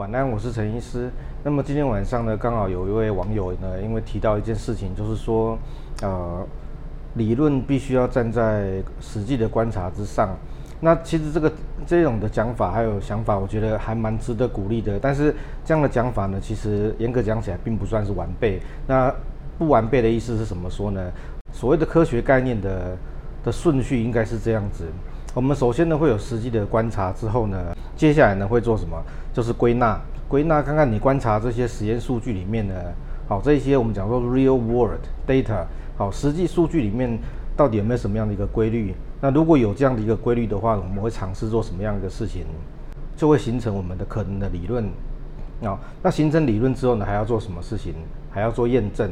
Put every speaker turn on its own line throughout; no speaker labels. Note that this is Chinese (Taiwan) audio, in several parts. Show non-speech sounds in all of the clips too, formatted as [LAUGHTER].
晚安，我是陳醫師。那麼今天晚上呢，剛好有一位網友呢，因為提到一件事情，就是說，呃，理論必須要站在實際的觀察之上。那其實這個這種的講法還有想法，我覺得還蠻值得鼓勵的。但是這樣的講法呢，其實嚴格講起來，並不算是完備。那不完備的意思是什麼說呢？所謂的科學概念的的順序應該是這樣子。我們首先呢會有實際的觀察之後呢，接下來呢會做什麼？就是歸納，歸納看看你觀察這些實驗數據裡面呢，好，這些我們講說 real world data，好，實際數據裡面到底有沒有什麼樣的一個規律？那如果有這樣的一個規律的話，我們會嘗試做什麼樣的事情，就會形成我們的可能的理論。啊，那形成理論之後呢，還要做什麼事情？還要做驗證，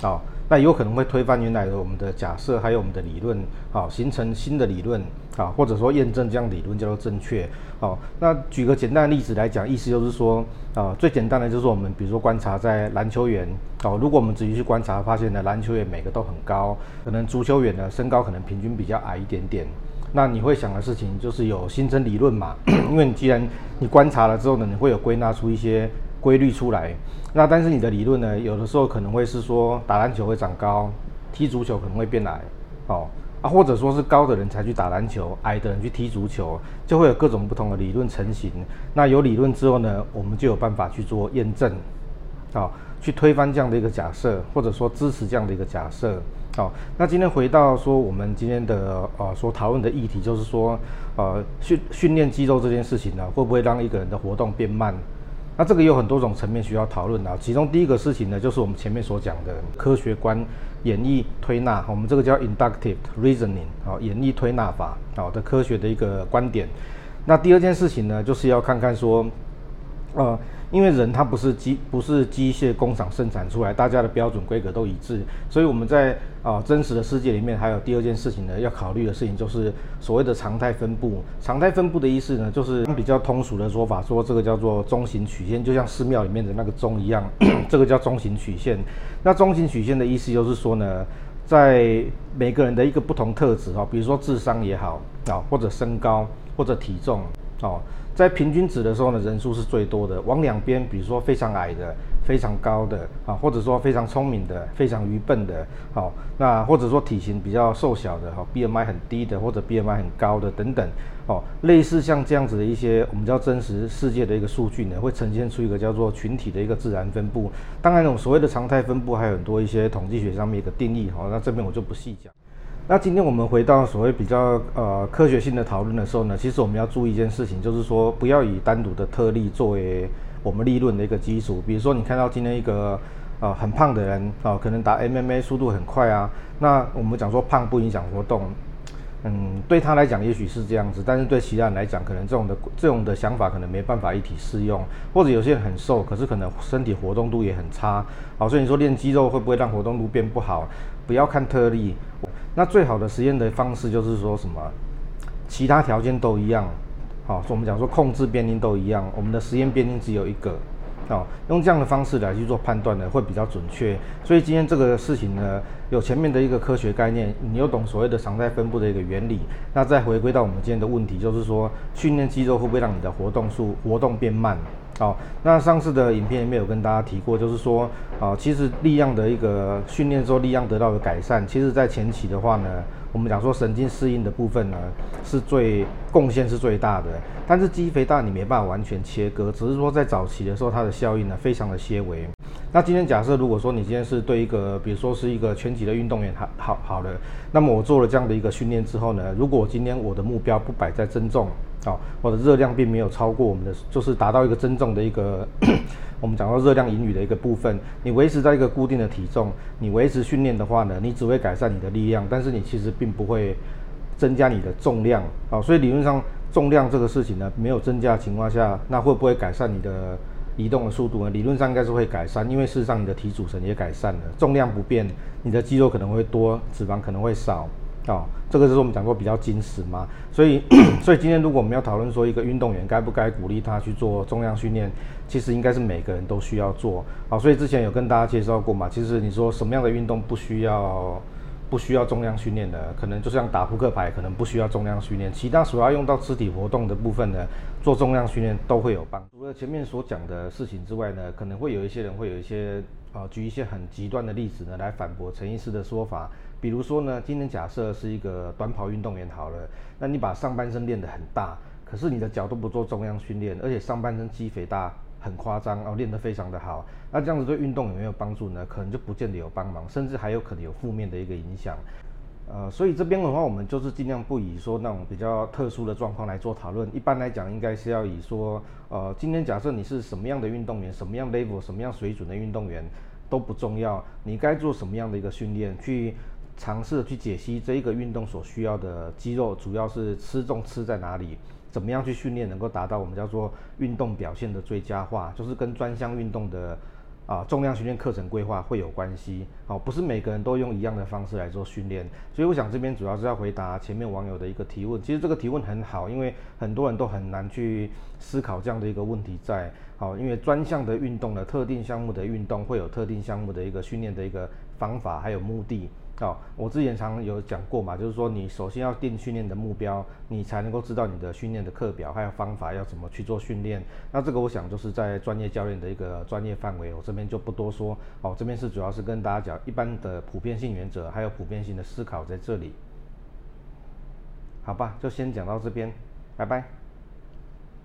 好。那有可能會推翻原來的我們的假設，還有我們的理論，好，形成新的理論，啊，或者說驗證這樣的理論叫做正確，好，那舉個簡單的例子來講，意思就是說，啊，最簡單的就是我們比如說觀察在籃球員，好，如果我們仔細去觀察，發現呢籃球員每個都很高，可能足球員的身高可能平均比較矮一點點，那你會想的事情就是有新增理論嘛，因為你既然你觀察了之後呢，你會有歸納出一些。規律出來，那但是你的理論呢？有的時候可能會是說打籃球會長高，踢足球可能會變矮，哦啊，或者說是高的人才去打籃球，矮的人去踢足球，就會有各種不同的理論成型。那有理論之後呢，我們就有辦法去做驗證，好，去推翻這樣的一個假設，或者說支持這樣的一個假設。好，那今天回到說我們今天的呃所討論的議題，就是說呃訓訓練肌肉這件事情呢，會不會讓一個人的活動變慢？那這個有很多種層面需要討論的，其中第一個事情呢，就是我們前面所講的科學觀演繹推納，我們這個叫 inductive reasoning 好，演繹推納法好的科學的一個觀點。那第二件事情呢，就是要看看說。呃，因為人他不是機，不是機械工廠生產出來，大家的標準規格都一致，所以我們在啊、呃、真實的世界裡面，還有第二件事情呢，要考慮的事情就是所謂的常態分佈。常態分佈的意思呢，就是比較通俗的說法，說這個叫做鐘形曲線，就像寺廟裡面的那個鐘一樣， [COUGHS] 這個叫鐘形曲線。那鐘形曲線的意思就是說呢，在每個人的一個不同特質啊，比如說智商也好啊，或者身高或者體重。哦，在平均值的時候呢，人數是最多的。往兩邊，比如說非常矮的、非常高的啊，或者說非常聰明的、非常愚笨的，好、哦，那或者說體型比較瘦小的，哈、哦，BMI 很低的或者 BMI 很高的等等，哦，類似像這樣子的一些我們叫真實世界的一個數據呢，會呈現出一個叫做群體的一個自然分布。當然，我們所謂的常態分布還有很多一些統計學上面的定義，哦，那這邊我就不細講。那今天我們回到所謂比較呃科學性的討論的時候呢，其實我們要注意一件事情，就是說不要以單獨的特例作為我們立論的一個基礎。比如說你看到今天一個呃很胖的人啊，呃，可能打 MMA 速度很快啊。那我們講說胖不影響活動，嗯，對他來講也許是這樣子，但是對其他人來講，可能這種的這種的想法可能沒辦法一體適用。或者有些人很瘦，可是可能身體活動度也很差。好，啊，所以你說練肌肉會不會讓活動度變不好？不要看特例。那最好的實驗的方式就是說什麼，其他條件都一樣，好、哦，所以我們講說控制變因都一樣，我們的實驗變因只有一個，好、哦，用這樣的方式來去做判斷呢，會比較準確。所以今天這個事情呢，有前面的一個科學概念，你又懂所謂的常態分布的一個原理，那再回歸到我們今天的問題，就是說訓練肌肉會不會讓你的活動速活動變慢？好、哦，那上次的影片裡面有跟大家提過，就是說，啊、哦，其實力量的一個訓練之後，力量得到的改善，其實，在前期的話呢，我們講說神經適應的部分呢，是最貢獻是最大的，但是肌肥大你沒辦法完全切割，只是說在早期的時候，它的效應呢，非常的些微。那今天假設如果說你今天是對一個，比如說是一個全級的運動員，好好好的，那麼我做了這樣的一個訓練之後呢，如果今天我的目標不擺在增重，好、哦，我的熱量並沒有超過我們的，就是達到一個增重的一個， [COUGHS] 我們講到熱量盈餘的一個部分，你維持在一個固定的體重，你維持訓練的話呢，你只會改善你的力量，但是你其實並不會增加你的重量，啊、哦，所以理論上重量這個事情呢，沒有增加的情況下，那會不會改善你的？移動的速度呢，理論上應該是會改善，因為事實上你的體組成也改善了，重量不變，你的肌肉可能會多，脂肪可能會少，啊、哦，這個就是我們講過比較精實嘛。所以， [COUGHS] 所以今天如果我們要討論說一個運動員該不該鼓勵他去做重量訓練，其實應該是每個人都需要做。好、哦，所以之前有跟大家介紹過嘛，其實你說什麼樣的運動不需要？不需要重量訓練的，可能就像打撲克牌，可能不需要重量訓練。其他所要用到肢體活動的部分呢，做重量訓練都會有幫助。除了前面所講的事情之外呢，可能會有一些人會有一些呃、啊，舉一些很極端的例子呢，來反駁陳醫師的說法。比如說呢，今天假設是一個短跑運動員好了，那你把上半身練得很大，可是你的腳都不做重量訓練，而且上半身肌肥大。很誇張，然後練得非常的好，那這樣子對運動有沒有幫助呢？可能就不見得有幫忙，甚至還有可能有負面的一個影響。呃，所以這邊的話，我們就是盡量不以說那種比較特殊的狀況來做討論。一般來講，應該是要以說，呃，今天假設你是什麼樣的運動員，什麼樣 level，什麼樣水準的運動員都不重要，你該做什麼樣的一個訓練去。嘗試去解析這一個運動所需要的肌肉，主要是吃重吃在哪裡，怎麼樣去訓練能夠達到我們叫做運動表現的最佳化，就是跟專項運動的啊重量訓練課程規劃會有關係。好，不是每個人都用一樣的方式來做訓練，所以我想這邊主要是要回答前面網友的一個提問。其實這個提問很好，因為很多人都很難去思考這樣的一個問題在。好，因為專項的運動呢，特定項目的運動會有特定項目的一個訓練的一個方法，還有目的。哦，我之前常有講過嘛，就是說你首先要定訓練的目標，你才能夠知道你的訓練的課表還有方法要怎麼去做訓練。那這個我想就是在專業教練的一個專業範圍，我這邊就不多說。哦，這邊是主要是跟大家講一般的普遍性原則，還有普遍性的思考在這裡。好吧，就先講到這邊，拜拜。